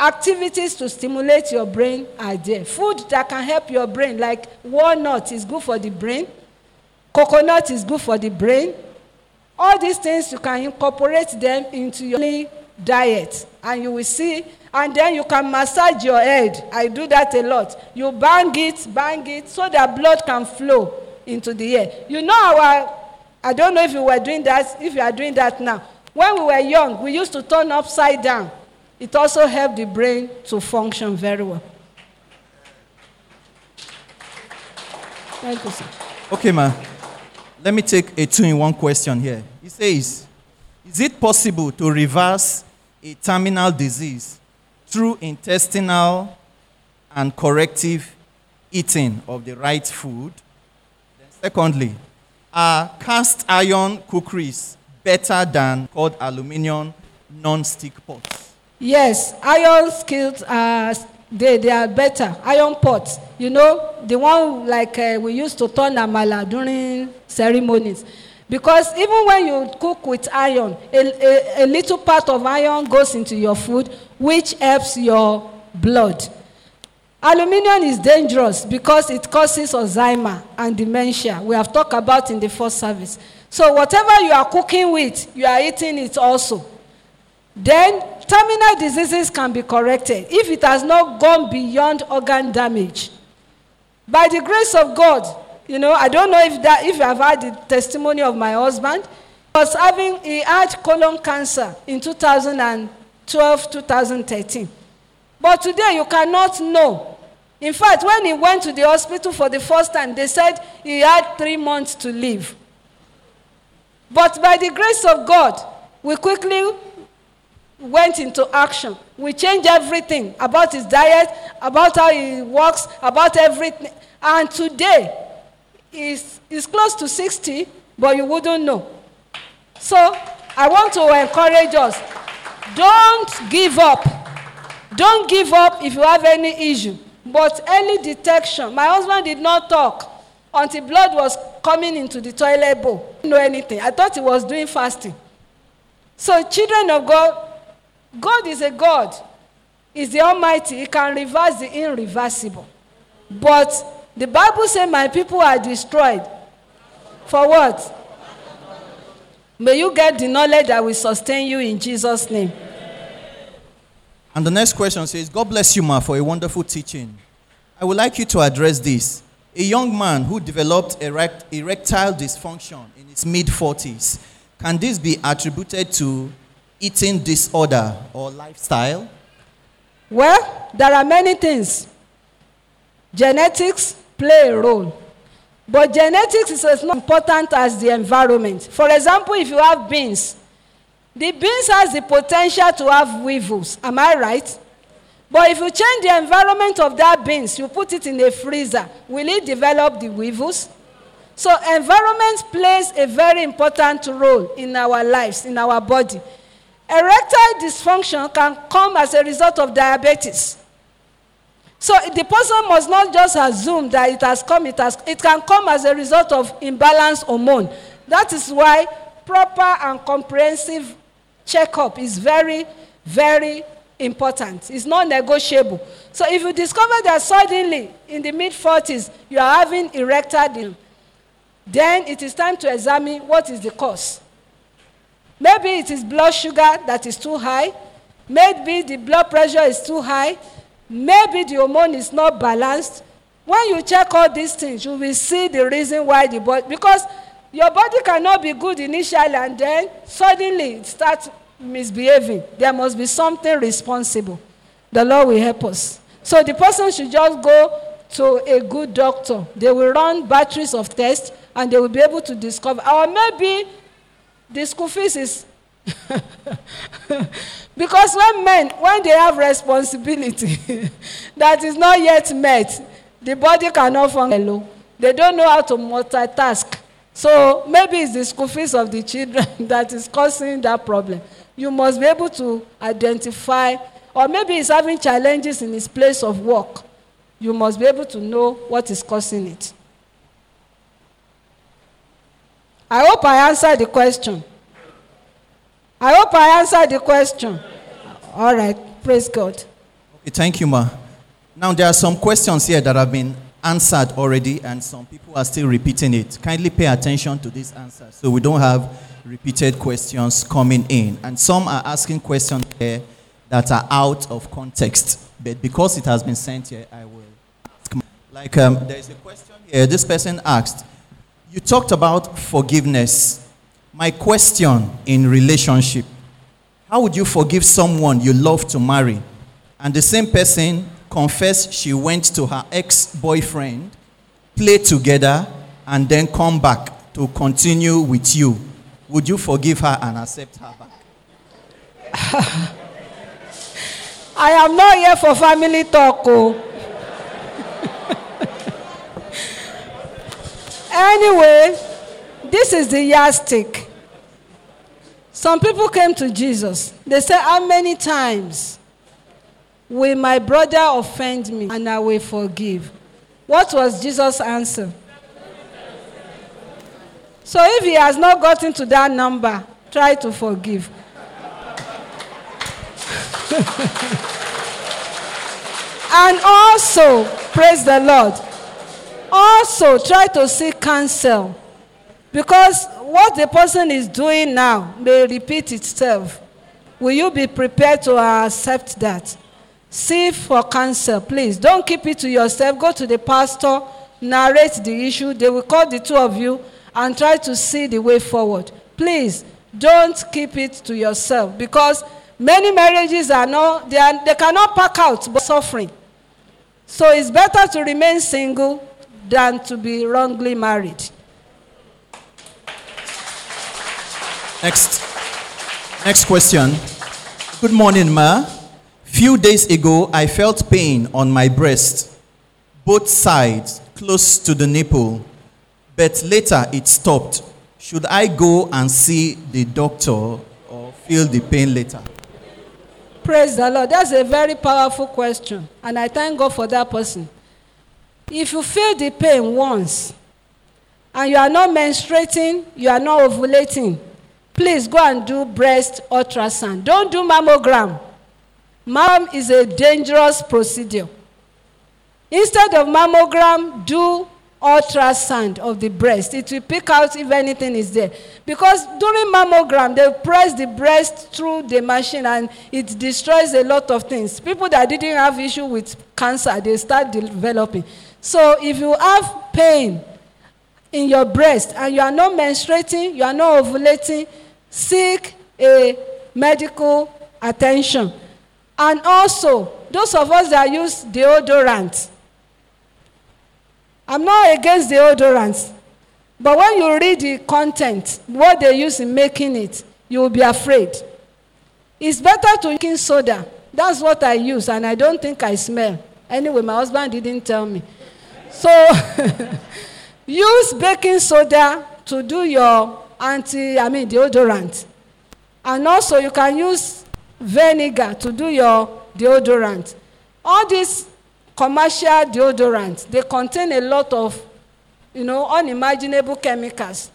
activities to stimulate your brain are there food that can help your brain like walnut is good for the brain Coconut is good for the brain. All these things you can incorporate them into your diet and you will see and then you can massage your head. I do that a lot. You bang it, bang it so that blood can flow into the air. You know our I don't know if you were doing that if you are doing that now. When we were young, we used to turn upside down. It also helped the brain to function very well. Thank you, sir. Okay, ma'am. Let me take a two in one question here. He says, Is it possible to reverse a terminal disease through intestinal and corrective eating of the right food? Then secondly, are cast iron cookeries better than called aluminium non stick pots? Yes, iron skills are they they are better iron pot you know the one like uh, we used to turn amala during ceremonies because even when you cook with iron a, a, a little part of iron goes into your food which helps your blood aluminium is dangerous because it causes alzheimer and dementia we have talked about in the first service so whatever you are cooking with you are eating it also Then terminal diseases can be corrected if it has not gone beyond organ damage. By the grace of God, you know, I don't know if that if you have had the testimony of my husband, he was having he had colon cancer in 2012, 2013. But today you cannot know. In fact, when he went to the hospital for the first time, they said he had three months to live. But by the grace of God, we quickly went into action. We changed everything about his diet, about how he walks, about everything. And today, he's, he's close to 60, but you wouldn't know. So I want to encourage us don't give up. Don't give up if you have any issue. But early detection. My husband did not talk until blood was coming into the toilet bowl. Didn't know anything. I thought he was doing fasting. So, children of God, God is a God, is the Almighty. He can reverse the irreversible. But the Bible says, My people are destroyed. For what? May you get the knowledge that will sustain you in Jesus' name. And the next question says, God bless you, Ma, for a wonderful teaching. I would like you to address this. A young man who developed erect, erectile dysfunction in his mid 40s, can this be attributed to eating disorder or lifestyle? Well, there are many things. Genetics play a role. But genetics is as important as the environment. For example, if you have beans, the beans has the potential to have weevils. Am I right? But if you change the environment of that beans, you put it in a freezer, will it develop the weevils? So environment plays a very important role in our lives, in our body. Erectile dysfunction can come as a result of diabetes. So the person must not just assume that it has come, it, has, it can come as a result of imbalanced hormone. That is why proper and comprehensive checkup is very, very important. It's not negotiable. So if you discover that suddenly in the mid 40s you are having erectile, then it is time to examine what is the cause. Maybe it is blood sugar that is too high. Maybe the blood pressure is too high. Maybe the hormone is not balanced. When you check all these things, you will see the reason why the body, because your body cannot be good initially and then suddenly it starts misbehaving. There must be something responsible. The Lord will help us. So the person should just go to a good doctor. They will run batteries of tests and they will be able to discover. Or maybe the school fees is because when men when they have responsibility that is not yet met the body cannot function alone they don't know how to multitask so maybe it's the school fees of the children that is causing that problem you must be able to identify or maybe he's having challenges in his place of work you must be able to know what is causing it I hope I answered the question. I hope I answered the question. All right. Praise God. Okay, thank you, Ma. Now, there are some questions here that have been answered already, and some people are still repeating it. Kindly pay attention to these answers so we don't have repeated questions coming in. And some are asking questions here that are out of context. But because it has been sent here, I will ask. Like, um, there is a question here. This person asked you talked about forgiveness. My question in relationship How would you forgive someone you love to marry and the same person confess she went to her ex boyfriend, play together, and then come back to continue with you? Would you forgive her and accept her back? I am not here for family talk. Oh. Anyway, this is the yardstick. Some people came to Jesus. They said, How many times will my brother offend me and I will forgive? What was Jesus' answer? So if he has not gotten to that number, try to forgive. and also, praise the Lord also try to seek counsel because what the person is doing now may repeat itself. Will you be prepared to accept that? See for counsel, please. Don't keep it to yourself. Go to the pastor, narrate the issue. They will call the two of you and try to see the way forward. Please don't keep it to yourself because many marriages are not, they, are, they cannot pack out but suffering. So it's better to remain single than to be wrongly married. Next. Next question. Good morning, Ma. Few days ago, I felt pain on my breast, both sides, close to the nipple, but later it stopped. Should I go and see the doctor or feel the pain later? Praise the Lord. That's a very powerful question, and I thank God for that person. If you feel the pain once and you are not menstruating, you are not ovulating, please go and do breast ultrasound. Don't do mammogram. Mam is a dangerous procedure. Instead of mammogram, do ultrasound of the breast. It will pick out if anything is there. Because during mammogram, they press the breast through the machine and it destroys a lot of things. People that didn't have issue with cancer, they start developing. So if you have pain in your breast and you are not menstruating, you are not ovulating, seek a medical attention. And also, those of us that use deodorant, I'm not against deodorants, but when you read the content, what they use in making it, you will be afraid. It's better to use soda. That's what I use, and I don't think I smell. Anyway, my husband didn't tell me. So use baking soda to do your anti, I mean deodorant. And also you can use vinegar to do your deodorant. All these commercial deodorants, they contain a lot of, you know, unimaginable chemicals.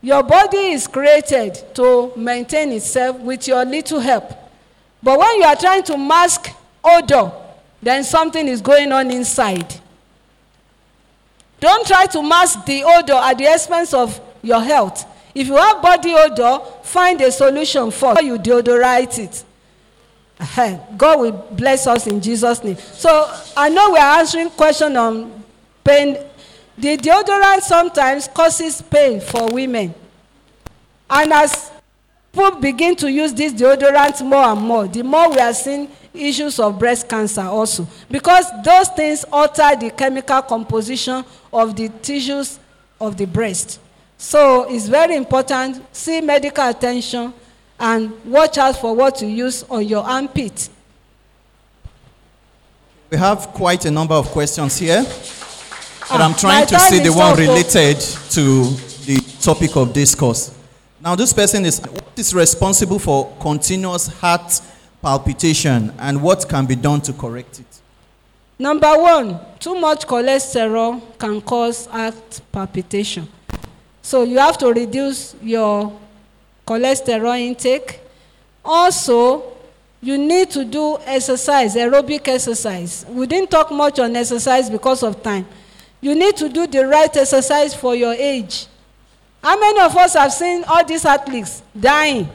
Your body is created to maintain itself with your little help. But when you are trying to mask odor, then something is going on inside. Don't try to mask the odor at the expense of your health. If you have body odor, find a solution for you deodorize it. God will bless us in Jesus' name. So I know we are answering question on pain. The deodorant sometimes causes pain for women. And as people begin to use this deodorant more and more, the more we are seeing issues of breast cancer also because those things alter the chemical composition of the tissues of the breast. So it's very important see medical attention and watch out for what you use on your armpit. We have quite a number of questions here, but ah, I'm trying to see the one related to the topic of discourse. Now, this person is what is responsible for continuous heart palpitation and what can be done to correct it? Number one, too much cholesterol can cause heart palpitation. So you have to reduce your cholesterol intake. Also, you need to do exercise, aerobic exercise. We didn't talk much on exercise because of time. You need to do the right exercise for your age. How many of us have seen all these athletes dying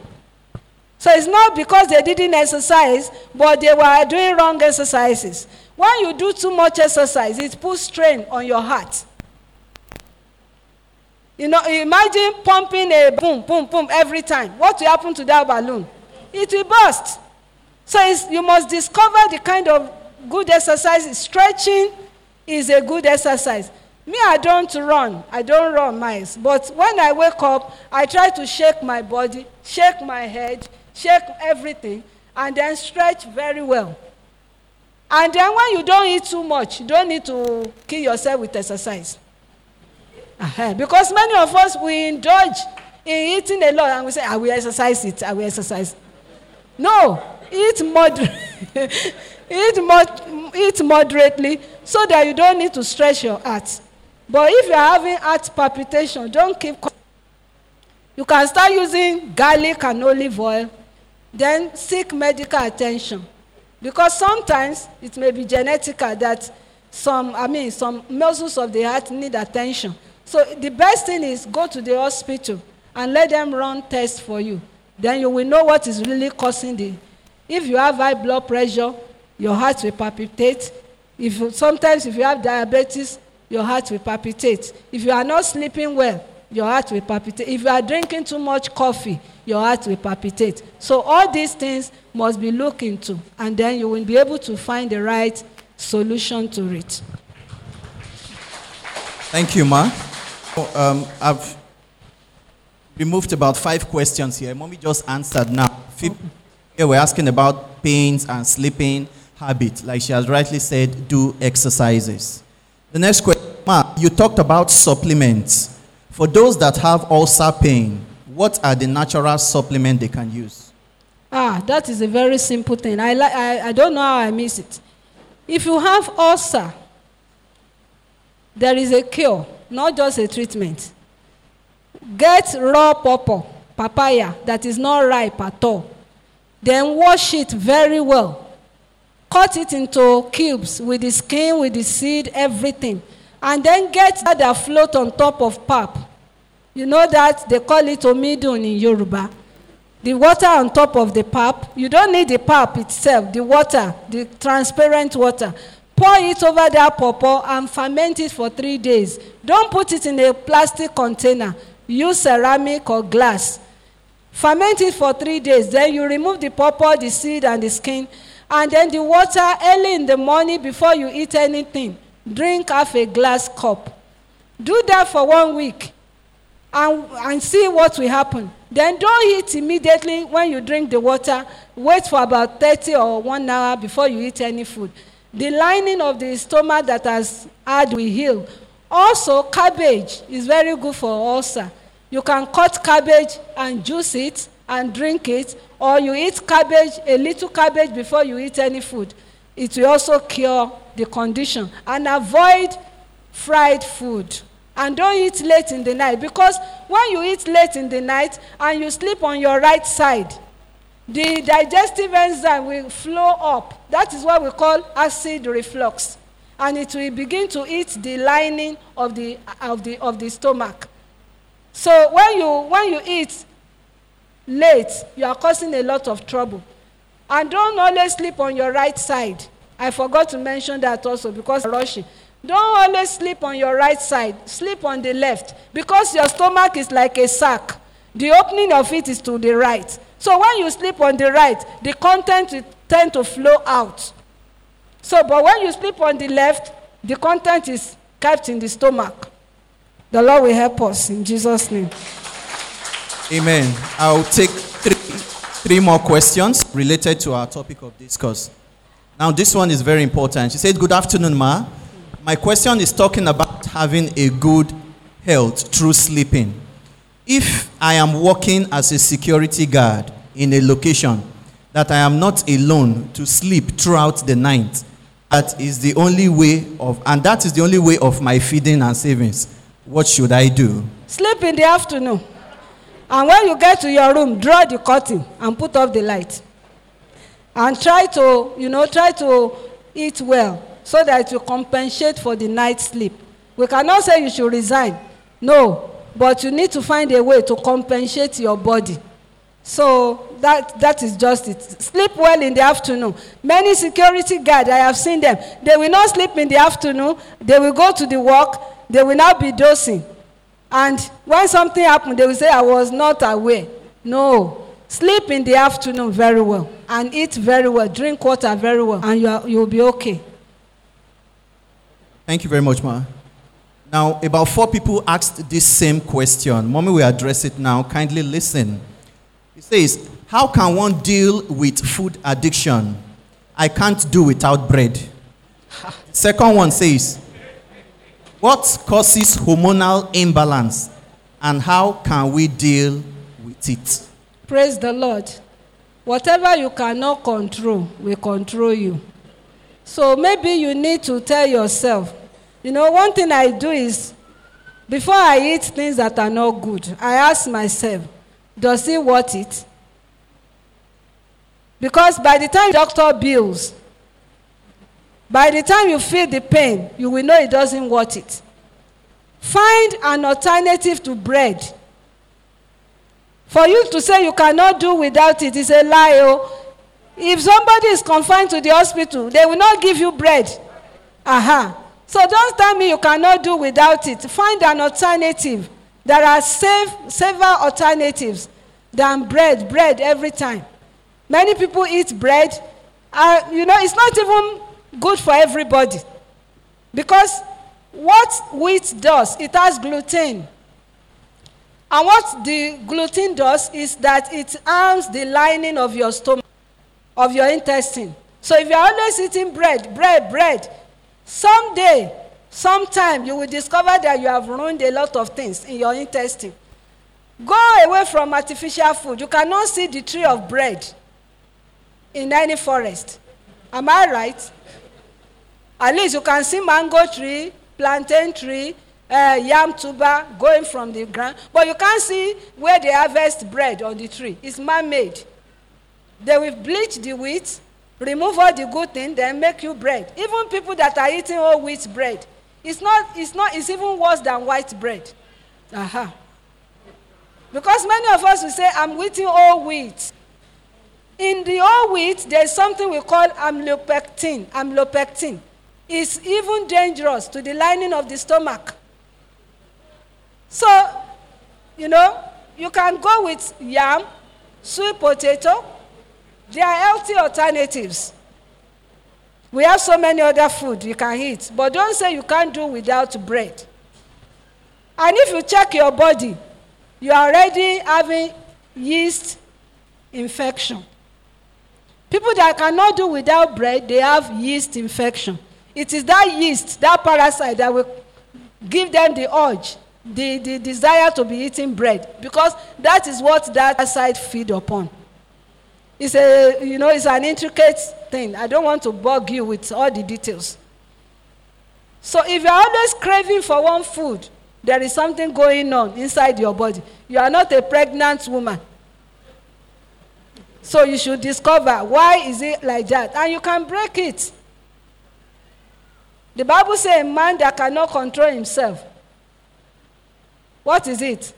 So it's not because they didn't exercise, but they were doing wrong exercises. When you do too much exercise, it puts strain on your heart. You know, imagine pumping a boom, boom, boom every time. What will happen to that balloon? It will burst. So you must discover the kind of good exercise. Stretching is a good exercise. Me, I don't run. I don't run miles. But when I wake up, I try to shake my body, shake my head, shake everything, and then stretch very well. And then when you don't eat too much, you don't need to kill yourself with exercise. Uh-huh. Because many of us, we indulge in eating a lot and we say, I ah, will exercise it, I ah, will exercise. No, eat, moderate. eat, mod- eat moderately so that you don't need to stretch your heart. But if you are having heart palpitation, don't keep. You can start using garlic and olive oil then seek medical attention because sometimes it may be genetical that some i mean some muscles of the heart need attention so the best thing is go to the hospital and let them run tests for you then you will know what is really causing the if you have high blood pressure your heart will palpitate if you, sometimes if you have diabetes your heart will palpitate if you are not sleeping well your heart will palpitate if you are drinking too much coffee your heart will palpitate. So, all these things must be looked into, and then you will be able to find the right solution to it. Thank you, Ma. Um, I've removed about five questions here. Mommy just answered now. Here we're asking about pains and sleeping habit. Like she has rightly said, do exercises. The next question, Ma, you talked about supplements. For those that have ulcer pain, What are the natural supplements they can use? Ah, that is a very simple thing. I, li- I, I don't know how I miss it. If you have ulcer, there is a cure, not just a treatment. Get raw pawpaw, papaya that is not ripe at all. Then wash it very well. Cut it into cubes with the skin, with the seed, everything. And then get that float on top of pap You know that they call it omidun in Yoruba. The water on top of the pap, you don't need the pap itself, the water, the transparent water. Pour it over that pawpaw and ferment it for three days. Don't put it in a plastic container. Use ceramic or glass. Ferment it for three days. Then you remove the pawpaw, the seed, and the skin. And then the water early in the morning before you eat anything. Drink half a glass cup. Do that for one week and, and see what will happen. Then don't eat immediately when you drink the water. Wait for about thirty or one hour before you eat any food. The lining of the stomach that has had will heal. Also, cabbage is very good for ulcer. You can cut cabbage and juice it and drink it, or you eat cabbage, a little cabbage before you eat any food. It will also cure the condition and avoid fried food and don't eat late in the night because when you eat late in the night and you sleep on your right side the digestive enzyme will flow up that is what we call acid reflux and it will begin to eat the lining of the of the of the stomach so when you when you eat late you are causing a lot of trouble and don't always sleep on your right side i forgot to mention that also because rushing Don't always sleep on your right side, sleep on the left because your stomach is like a sack. The opening of it is to the right. So when you sleep on the right, the content will tend to flow out. So, but when you sleep on the left, the content is kept in the stomach. The Lord will help us in Jesus' name. Amen. I'll take three, three more questions related to our topic of discourse. Now, this one is very important. She said, Good afternoon, Ma. My question is talking about having a good health through sleeping. If I am working as a security guard in a location that I am not alone to sleep throughout the night, that is the only way of, and that is the only way of my feeding and savings. What should I do? Sleep in the afternoon. And when you get to your room, draw the curtain and put off the light. And try to, you know, try to eat well so that it will compensate for the night sleep. We cannot say you should resign. No, but you need to find a way to compensate your body. So that, that is just it. Sleep well in the afternoon. Many security guards, I have seen them, they will not sleep in the afternoon. They will go to the work. They will not be dozing. And when something happens, they will say, I was not aware. No. Sleep in the afternoon very well and eat very well, drink water very well, and you, are, you will be okay. Thank you very much, Ma. Now, about four people asked this same question. Mommy we address it now. Kindly listen. It says, How can one deal with food addiction? I can't do without bread. Second one says, What causes hormonal imbalance and how can we deal with it? Praise the Lord. Whatever you cannot control we control you. So maybe you need to tell yourself, You know, one thing I do is before I eat things that are not good, I ask myself, does it worth it? Because by the time doctor bills, by the time you feel the pain, you will know it doesn't worth it. Find an alternative to bread. For you to say you cannot do without it is a lie. Oh. If somebody is confined to the hospital, they will not give you bread. Aha. Uh-huh. So don't tell me you cannot do without it. Find an alternative. There are safe, safer alternatives than bread, bread every time. Many people eat bread. Uh, you know, it's not even good for everybody. Because what wheat does, it has gluten. And what the gluten does is that it harms the lining of your stomach, of your intestine. So if you're always eating bread, bread, bread, Someday, sometime, you will discover that you have ruined a lot of things in your intestine. Go away from artificial food. You cannot see the tree of bread in any forest. Am I right? At least you can see mango tree, plantain tree, uh, yam tuber going from the ground, but you can't see where they harvest bread on the tree. It's man-made. They will bleach the wheat, remove all the good thing then make you bread even people that are eating whole wheat bread it's not it's not it's even worse than white bread uh-huh. because many of us will say i'm eating whole wheat in the whole wheat there's something we call amlopectin amlopectin it's even dangerous to the lining of the stomach so you know you can go with yam sweet potato They are healthy alternatives. We have so many other food you can eat, but don't say you can't do without bread. And if you check your body, you are already having yeast infection. People that cannot do without bread, they have yeast infection. It is that yeast, that parasite that will give them the urge, the, the desire to be eating bread, because that is what that parasite feed upon. It's a, you know, it's an intricate thing. I don't want to bug you with all the details. So if you're always craving for one food, there is something going on inside your body. You are not a pregnant woman. So you should discover why is it like that and you can break it. The Bible says a man that cannot control himself. What is it?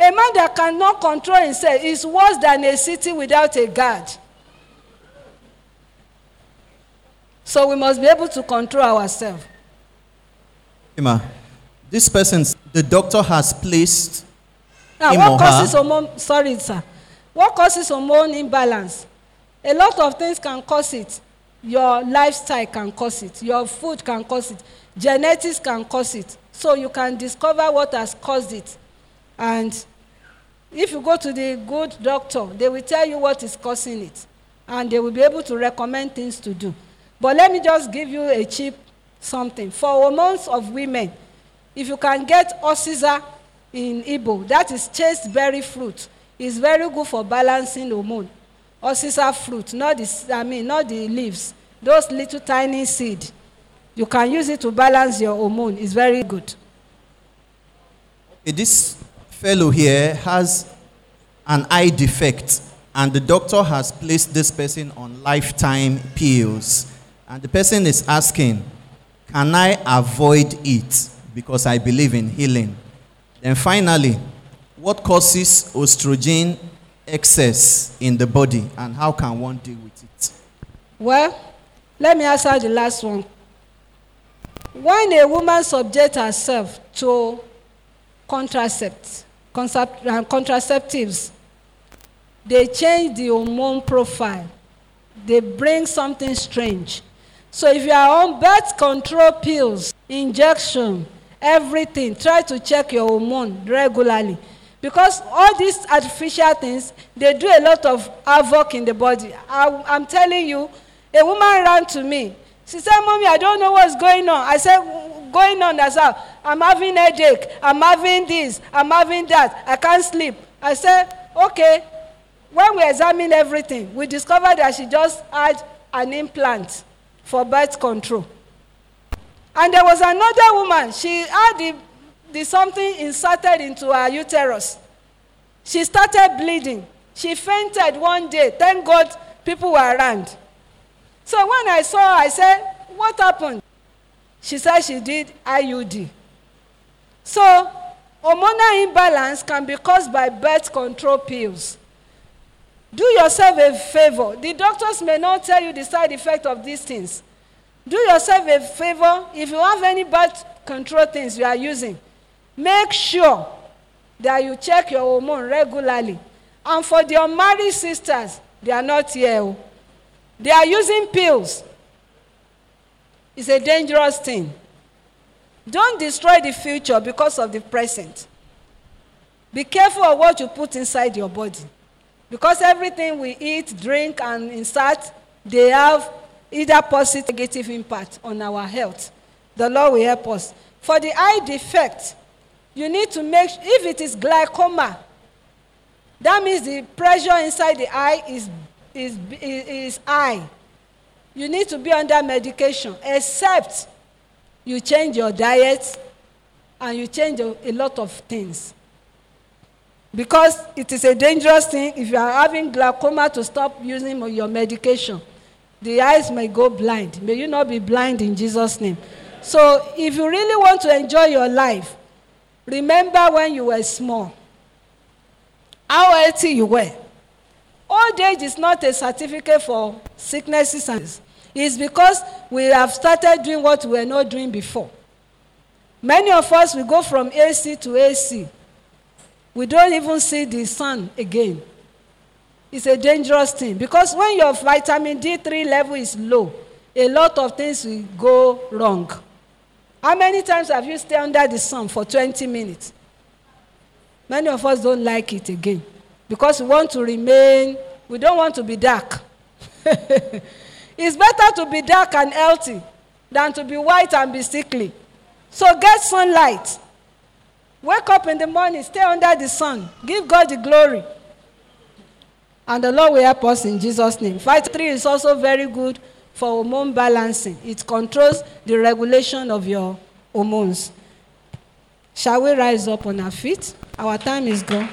A man that cannot control himself is worse than a city without a guard. So we must be able to control ourselves. Ima, this person, the doctor has placed. Now, what causes hormone? Sorry, sir. What causes hormone imbalance? A lot of things can cause it. Your lifestyle can cause it. Your food can cause it. Genetics can cause it. So you can discover what has caused it And if you go to the good doctor, they will tell you what is causing it. And they will be able to recommend things to do. But let me just give you a cheap something. For hormones of women, if you can get Osiza in Igbo, that is chasteberry fruit, is very good for balancing hormone. Osiza fruit, not the, I mean, not the leaves, those little tiny seed. You can use it to balance your hormone. It's very good. Okay, this fellow here has an eye defect, and the doctor has placed this person on lifetime pills. And the person is asking, Can I avoid it? Because I believe in healing. Then finally, what causes estrogen excess in the body, and how can one deal with it? Well, let me answer the last one. When a woman subjects herself to contraceptives, Uh, contraceptives dey change the hormone profile dey bring something strange so if you are on birth control pills injection everything try to check your hormone regularly because all these artificial things dey do a lot of havoc in the body i am telling you a woman ran to me She said, Mommy, I don't know what's going on. I said, Going on as well. I'm having headache. I'm having this. I'm having that. I can't sleep. I said, Okay. When we examined everything, we discovered that she just had an implant for birth control. And there was another woman, she had the, the something inserted into her uterus. She started bleeding. She fainted one day. Thank God people were around. So when I saw her, I said, What happened? She said she did IUD. So hormonal imbalance can be caused by birth control pills. Do yourself a favor. The doctors may not tell you the side effect of these things. Do yourself a favor. If you have any birth control things you are using, make sure that you check your hormone regularly. And for the unmarried sisters, they are not here. Oh. They are using pills. It's a dangerous thing. Don't destroy the future because of the present. Be careful of what you put inside your body. Because everything we eat, drink, and insert, they have either positive or negative impact on our health. The Lord will help us. For the eye defect, you need to make, if it is glaucoma, that means the pressure inside the eye is is, is high. You need to be under medication except you change your diet and you change a, a lot of things. Because it is a dangerous thing if you are having glaucoma to stop using your medication. The eyes may go blind. May you not be blind in Jesus' name. So, if you really want to enjoy your life, remember when you were small, how healthy you were Old age is not a certificate for sicknesses and it's because we have started doing what we were not doing before. Many of us, we go from AC to AC. We don't even see the sun again. It's a dangerous thing because when your vitamin D3 level is low, a lot of things will go wrong. How many times have you stayed under the sun for 20 minutes? Many of us don't like it again because we want to remain, we don't want to be dark. it's better to be dark and healthy than to be white and be sickly. So get sunlight. Wake up in the morning, stay under the sun, give God the glory. And the Lord will help us in Jesus' name. Fight 3 is also very good for hormone balancing, it controls the regulation of your hormones. Shall we rise up on our feet? Our time is gone.